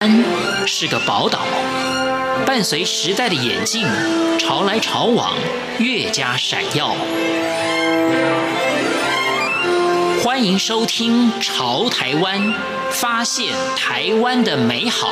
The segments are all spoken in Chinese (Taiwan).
安、嗯、是個寶島，伴隨時代的眼鏡，潮來潮往，越加閃耀。歡迎收聽《潮台灣》，發現台灣的美好。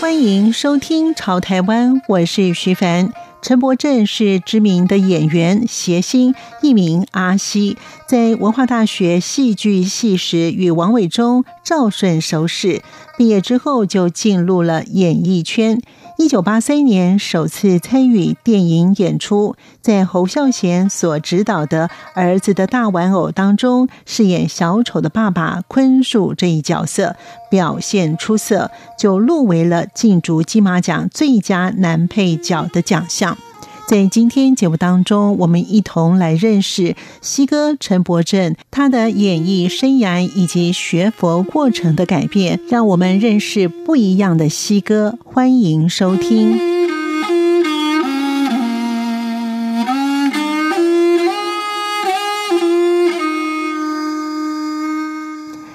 歡迎收聽《潮台灣》，我是徐凡。陳博正是知名的演員，諧星，藝名阿西，在文化大學戲劇系時與王偉忠、趙順熟識，畢業之後就進入了演藝圈。一九八三年，首次參與電影演出，在侯孝賢所執導的《兒子的大玩偶》當中飾演小丑的爸爸坤樹這一角色，表現出色，就入圍了競逐金馬獎最佳男配角的獎項。在今天節目當中，我們一同來認識西哥陳博正，他的演藝生涯以及學佛過程的改變，讓我們認識不一樣的西哥。歡迎收聽。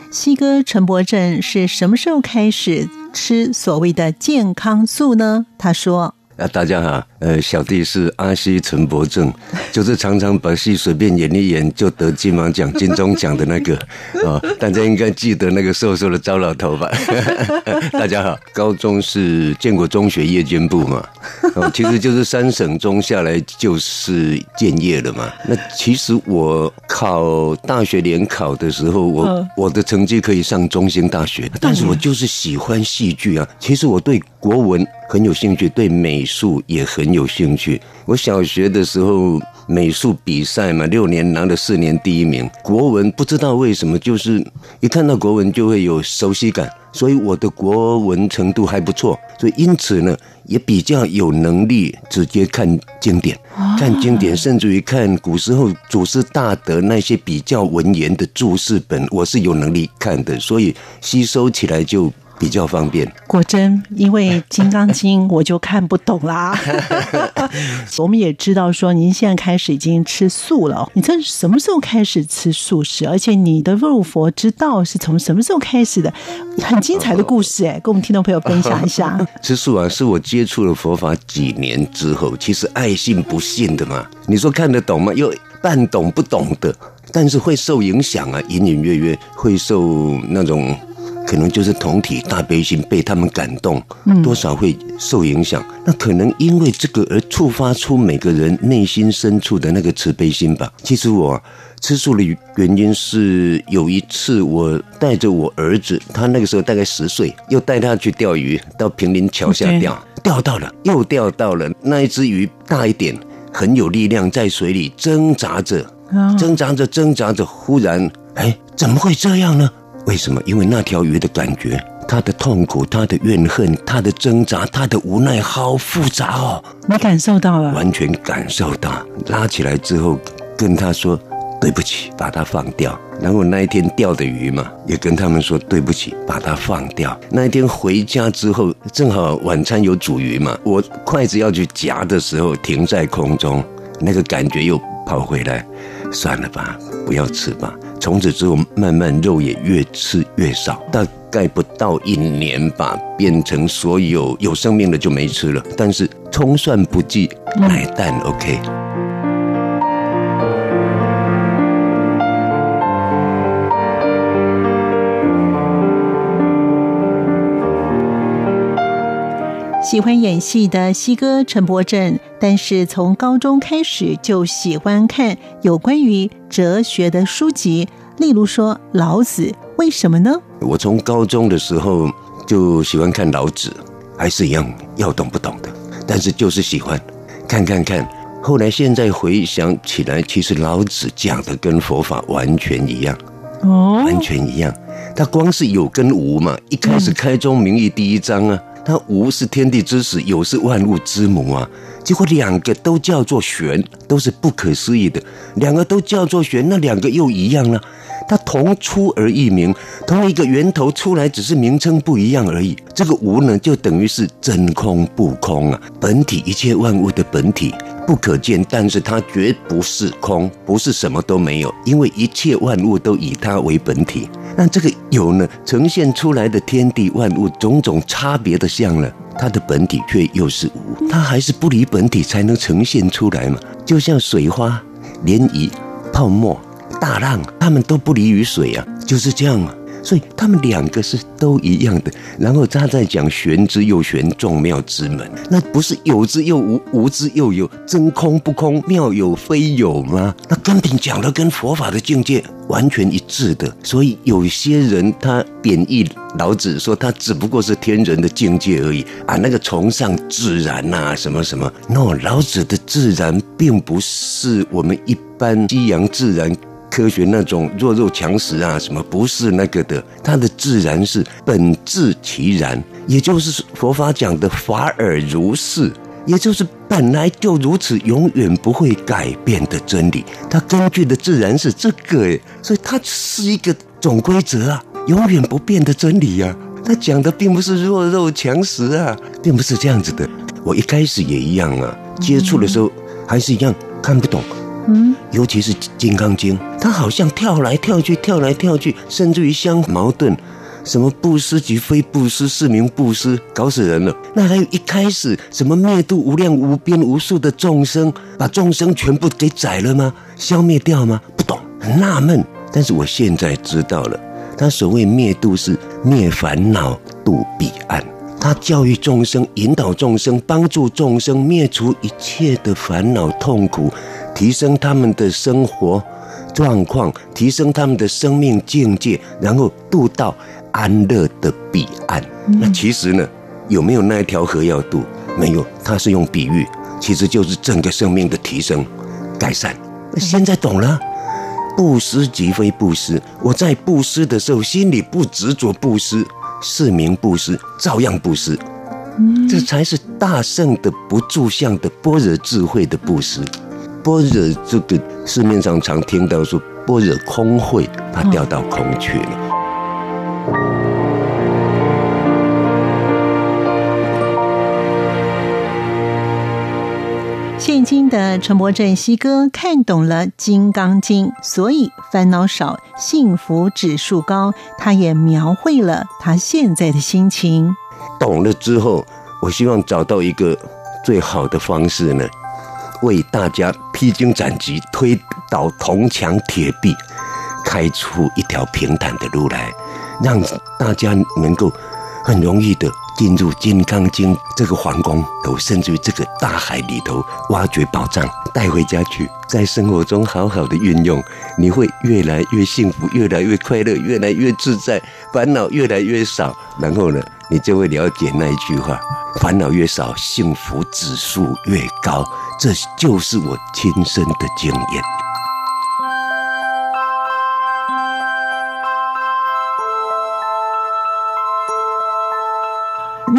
西哥陳博正是什麼時候開始吃所謂的健康素呢？他說。啊，大家好，呃，小弟是阿西陳博正，就是常常把戲隨便演一演就得金馬獎、金鐘獎的那個啊、哦，大家應該記得那個瘦瘦的糟老頭吧，呵呵？大家好，高中是建國中學夜間部嘛，哦，其實就是三省中下來就是建業了嘛。那其實我考大學聯考的時候，我我的成績可以上中興大學，嗯、但是我就是喜歡戲劇啊。其實我對國文。很有興趣，對美術也很有興趣。我小學的時候美術比賽嘛，六年拿了四年第一名。國文不知道為什麼，就是一看到國文就會有熟悉感，所以我的國文程度還不錯。所以因此呢，也比較有能力直接看經典，看經典，甚至於看古時候祖師大德那些比較文言的注釋本，我是有能力看的，所以吸收起來就。比較方便。果真，因為《金剛經》，我就看不懂啦。 我們也知道說，您現在開始已經吃素了。你這是什麼時候開始吃素食？而且你的入佛之道是從什麼時候開始的？很精彩的故事哎、欸，跟我們聽眾朋友分享一下。 吃素啊，是我接觸了佛法幾年之後，其實愛信不信的嘛。你說看得懂嗎？又半懂不懂的，但是會受影響啊，隱隱約約會受那種。可能就是同體大悲心被他們感動，多少會受影響。那可能因為這個而觸發出每個人內心深處的那個慈悲心吧。其實我吃素的原因是有一次，我帶着我兒子，他那個時候大概十歲，又帶他去釣魚，到平林橋下釣，釣到了，又釣到了，那一隻魚大一點，很有力量，在水裡掙扎着，掙扎着，掙扎着，忽然，哎，怎麼會這樣呢？為什麼？因為那條魚的感覺，它的痛苦，它的怨恨，它的掙扎，它的無奈，好複雜哦！你感受到了？完全感受到。拉起來之後跟它，跟他說對不起，把它放掉。然後那一天釣的魚嘛，也跟他們說對不起，把它放掉。那一天回家之後，正好晚餐有煮魚嘛，我筷子要去夾的時候，停在空中，那個感覺又跑回來，算了吧，不要吃吧。從此之後，慢慢肉也越吃越少，大概不到一年吧，變成所有有生命的就沒吃了。但是蔥蒜不忌，奶蛋 OK。喜歡演戲的西哥陳博正，但是從高中開始就喜歡看有關於哲學的書籍，例如說老子，為什麼呢？我從高中的時候就喜歡看老子，還是一樣要懂不懂的，但是就是喜歡看看看。後來現在回想起來，其實老子講的跟佛法完全一樣，哦，完全一樣。他光是有跟無嘛，一開始開宗明義第一章啊。嗯那無是天地之始，有是萬物之母啊！結果兩個都叫做玄，都是不可思議的，兩個都叫做玄，那兩個又一樣呢、啊？它同出而異名，同一個源頭出來，只是名稱不一樣而已。這個無呢，就等於是真空不空啊，本體一切萬物的本體不可見，但是它絕不是空，不是什麼都沒有，因為一切萬物都以它為本體。那這個有呢，呈現出來的天地萬物種種差別的像呢，它的本體卻又是無，它還是不離本體才能呈現出來嘛。就像水花、漣漪、泡沫。大浪，他們都不離於水啊，就是這樣嘛。所以他們兩個是都一樣的。然後他在講玄之又玄，眾妙之門，那不是有之又無，無之又有，真空不空，妙有非有嗎？那根本講的跟佛法的境界完全一致的。所以有些人他貶抑老子說他只不過是天人的境界而已啊，那個崇尚自然吶、啊，什麼什麼那、no, 老子的自然並不是我們一般西洋自然。科學那種弱肉強食啊，什麼不是那個的？它的自然是本自其然，也就是佛法講的法爾如是，也就是本來就如此，永遠不會改變的真理。它根據的自然是這個耶，所以它是一個總規則啊，永遠不變的真理呀、啊。它講的並不是弱肉強食啊，並不是這樣子的。我一開始也一樣啊，接觸的時候還是一樣看不懂。嗯，尤其是《金剛經》，它好像跳來跳去，跳來跳去，甚至於相矛盾。什麼布施即非布施，是名布施，搞死人了。那還有一開始，什麼滅度無量無邊無數的眾生，把眾生全部給宰了嗎？消滅掉嗎？不懂，很納悶。但是我現在知道了，他所謂滅度是滅煩惱，度彼岸。他教育眾生，引導眾生，幫助眾生滅除一切的煩惱痛苦，提升他們的生活狀況，提升他們的生命境界，然後渡到安樂的彼岸。嗯。那其實呢，有沒有那一條河要渡？沒有，他是用比喻，其實就是整個生命的提升、改善。現在懂了，布施即非布施。我在布施的時候，心裡不執着布施。是名布施，照樣布施，這才是大聖的不住相的般若智慧的布施。般若，這個市面上常聽到說般若空慧，它掉到空去了。現今的陳博正西哥看懂了《金剛經》，所以煩惱少，幸福指數高。他也描繪了他現在的心情。懂了之後，我希望找到一個最好的方式呢，為大家披荊斬棘，推倒銅牆鐵壁，開出一條平坦的路來，讓大家能夠很容易的。進入金剛經這個皇宮，都甚至於這個大海裡頭挖掘寶藏，帶回家去，在生活中，好好的運用，你會越來越幸福，越來越快樂，越來越自在，煩惱越來越少。然後呢，你就會了解那一句話：煩惱越少，幸福指數越高。這就是我親身的經驗。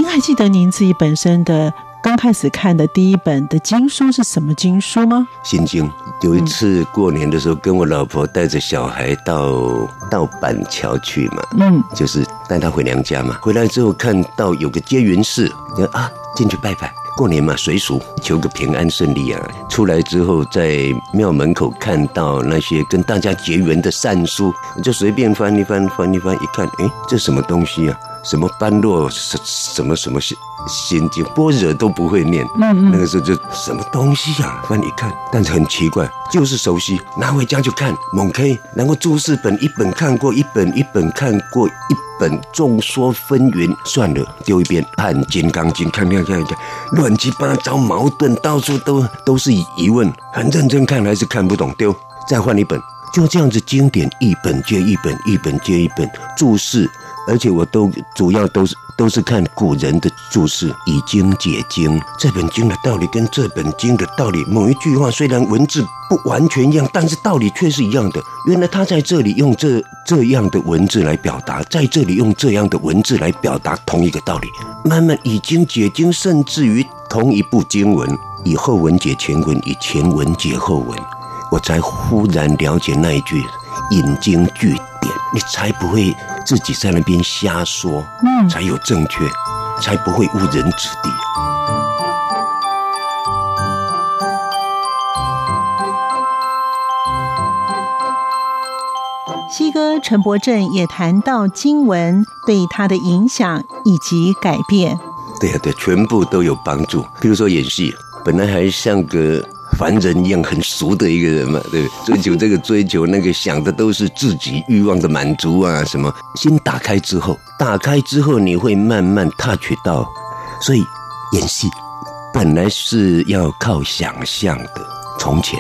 您還記得您自己本身的剛開始看的第一本的經書是什麼經書嗎？《心經》。有一次過年的時候，跟我老婆帶着小孩到到板橋去嘛，嗯，就是帶她回娘家嘛。回來之後看到有個接雲寺，你說啊，進去拜拜。過年嘛，隨俗求個平安順利啊！出來之後，在廟門口看到那些跟大家結緣的善書，就隨便翻一翻，翻一翻一看，哎，這什麼東西啊？什麼般若，什什麼什麼？什麼什麼心經、般若都不會念，嗯嗯，那個時候就什麼東西呀？、啊？那你看，但是很奇怪，就是熟悉，拿回家就看，猛 K。然後注釋本一本看過，一本一本看過，一本眾說紛紜，算了，丟一邊。看《金剛經》，看看看看，亂七八糟，矛盾到處都都是疑問，很認真看還是看不懂，丟，再換一本。就這樣子，經典一本接一本，一本接一本，注釋。而且我都主要都是都是看古人的註釋，以經解經。這本經的道理跟這本經的道理，某一句話雖然文字不完全一樣，但是道理卻是一樣的。原來他在這裡用這這樣的文字來表達，在這裡用這樣的文字來表達同一個道理。慢慢以經解經，甚至於同一部經文，以後文解前文，以前文解後文，我才忽然了解那一句引經據典，你才不會。自己在那邊瞎說，才有正確、嗯，才不會誤人子弟。西哥陳博正也談到經文對他的影響以及改變。對呀、啊、對，全部都有幫助。比如說演戲，本來還像個。凡人一樣很俗的一個人嘛，對不對？追求這個，追求那個，想的都是自己慾望的滿足啊，什麼？先打開之後，打開之後，你會慢慢踏 h 到。所以，演戲本來是要靠想象的。從前。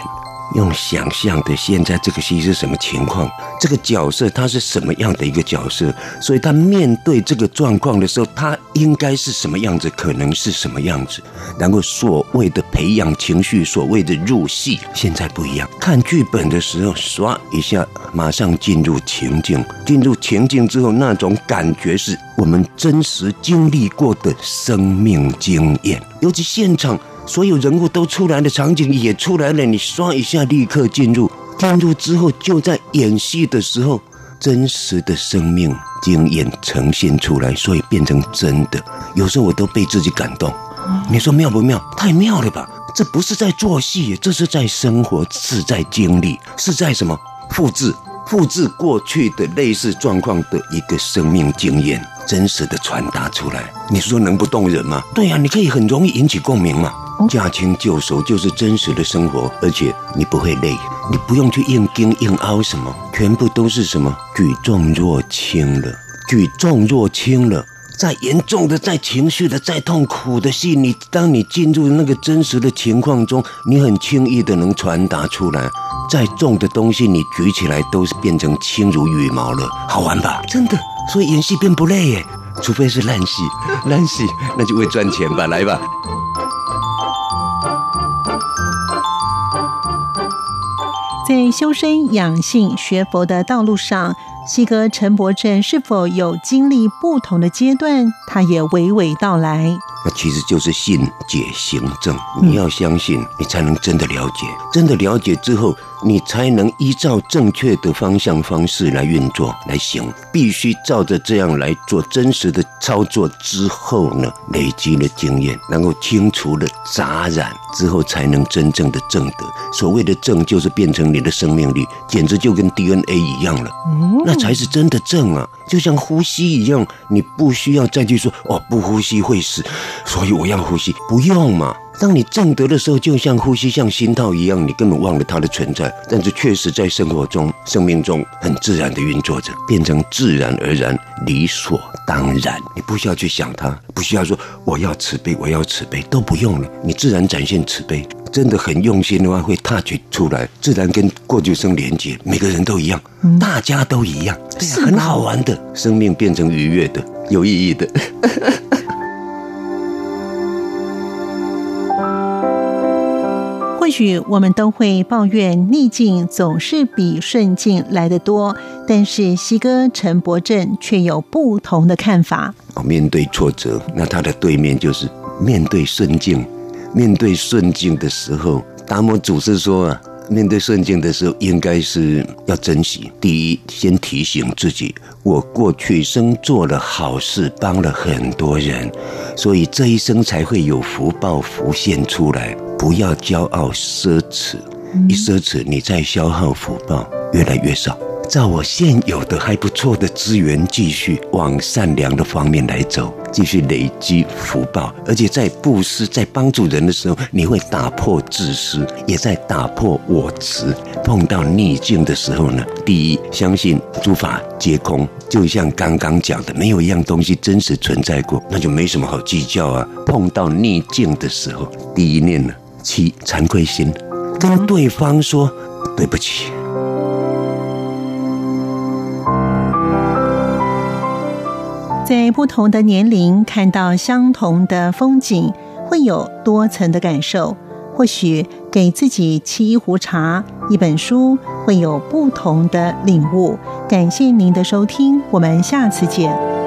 用想象的，現在這個戲是什麼情況？這個角色他是什麼樣的一個角色？所以他面對這個狀況的時候，他應該是什麼樣子？可能是什麼樣子？然後所謂的培養情緒，所謂的入戲，現在不一樣。看劇本的時候，刷一下，馬上進入情境。進入情境之後，那種感覺是我們真實經歷過的生命經驗，尤其現場。所有人物都出來的場景也出來了，你刷一下，立刻進入。進入之後，就在演戲的時候，真實的生命經驗呈現出來，所以變成真的。有時候我都被自己感動。你說妙不妙？太妙了吧！這不是在做戲，這是在生活，是在經歷，是在什麼？複製，複製過去的類似狀況的一個生命經驗，真實的傳達出來。你說能不動人嗎？對呀，你可以很容易引起共鳴嘛。駕輕就熟就是真實的生活，而且你不會累，你不用去硬盯硬凹什麼，全部都是什麼舉重若輕了，舉重若輕了。再嚴重的、再情緒的、再痛苦的戲，你當你進入那個真實的情況中，你很輕易的能傳達出來。再重的東西你舉起來都是變成輕如羽毛了，好玩吧？真的，所以演戲並不累耶，除非是爛戲，爛戲那就會賺錢吧？來吧。在修身養性、學佛的道路上，西哥陳博正是否有經歷不同的階段？他也娓娓道來。那其實就是信解行證，你要相信，你才能真的了解，真的了解之後，你才能依照正確的方向方式來運作來行，必須照着這樣來做真實的操作之後呢，累積了經驗，能夠清除了雜染之後，才能真正的證得。所謂的證，就是變成你的生命力，簡直就跟 DNA 一樣了，那才是真的證啊，就像呼吸一樣，你不需要再去說哦，不呼吸會死。所以我要呼吸，不用嘛。當你證得的時候，就像呼吸，像心跳一樣，你根本忘了它的存在。但是確實在生活中、生命中很自然的運作着，變成自然而然、理所當然。你不需要去想它，不需要說我要慈悲，我要慈悲都不用了。你自然展現慈悲，真的很用心的話，會 touch 出來，自然跟過去生連接。每個人都一樣，大家都一樣，嗯、對、啊是，很好玩的，生命變成愉悅的、有意義的。 也許我們都會抱怨，逆境總是比順境來得多，但是西哥陳博正卻有不同的看法。哦，面對挫折，那他的對面就是面對順境。面對順境的時候，達摩祖師說啊，面對順境的時候，應該是要珍惜。第一，先提醒自己，我過去生做了好事，幫了很多人，所以這一生才會有福報浮現出來。不要驕傲奢侈，一奢侈，你再消耗福報越來越少。照我現有的還不錯的資源，繼續往善良的方面來走，繼續累積福報。而且在布施、在幫助人的時候，你會打破自私，也在打破我執。碰到逆境的時候呢，第一，相信諸法皆空，就像剛剛講的，沒有一樣東西真實存在過，那就沒什麼好計較啊。碰到逆境的時候，第一念呢，起慚愧心，跟對方說對不起。在不同的年齡看到相同的風景，會有多層的感受。或許給自己沏一壺茶，一本書，會有不同的領悟。感謝您的收聽，我們下次見。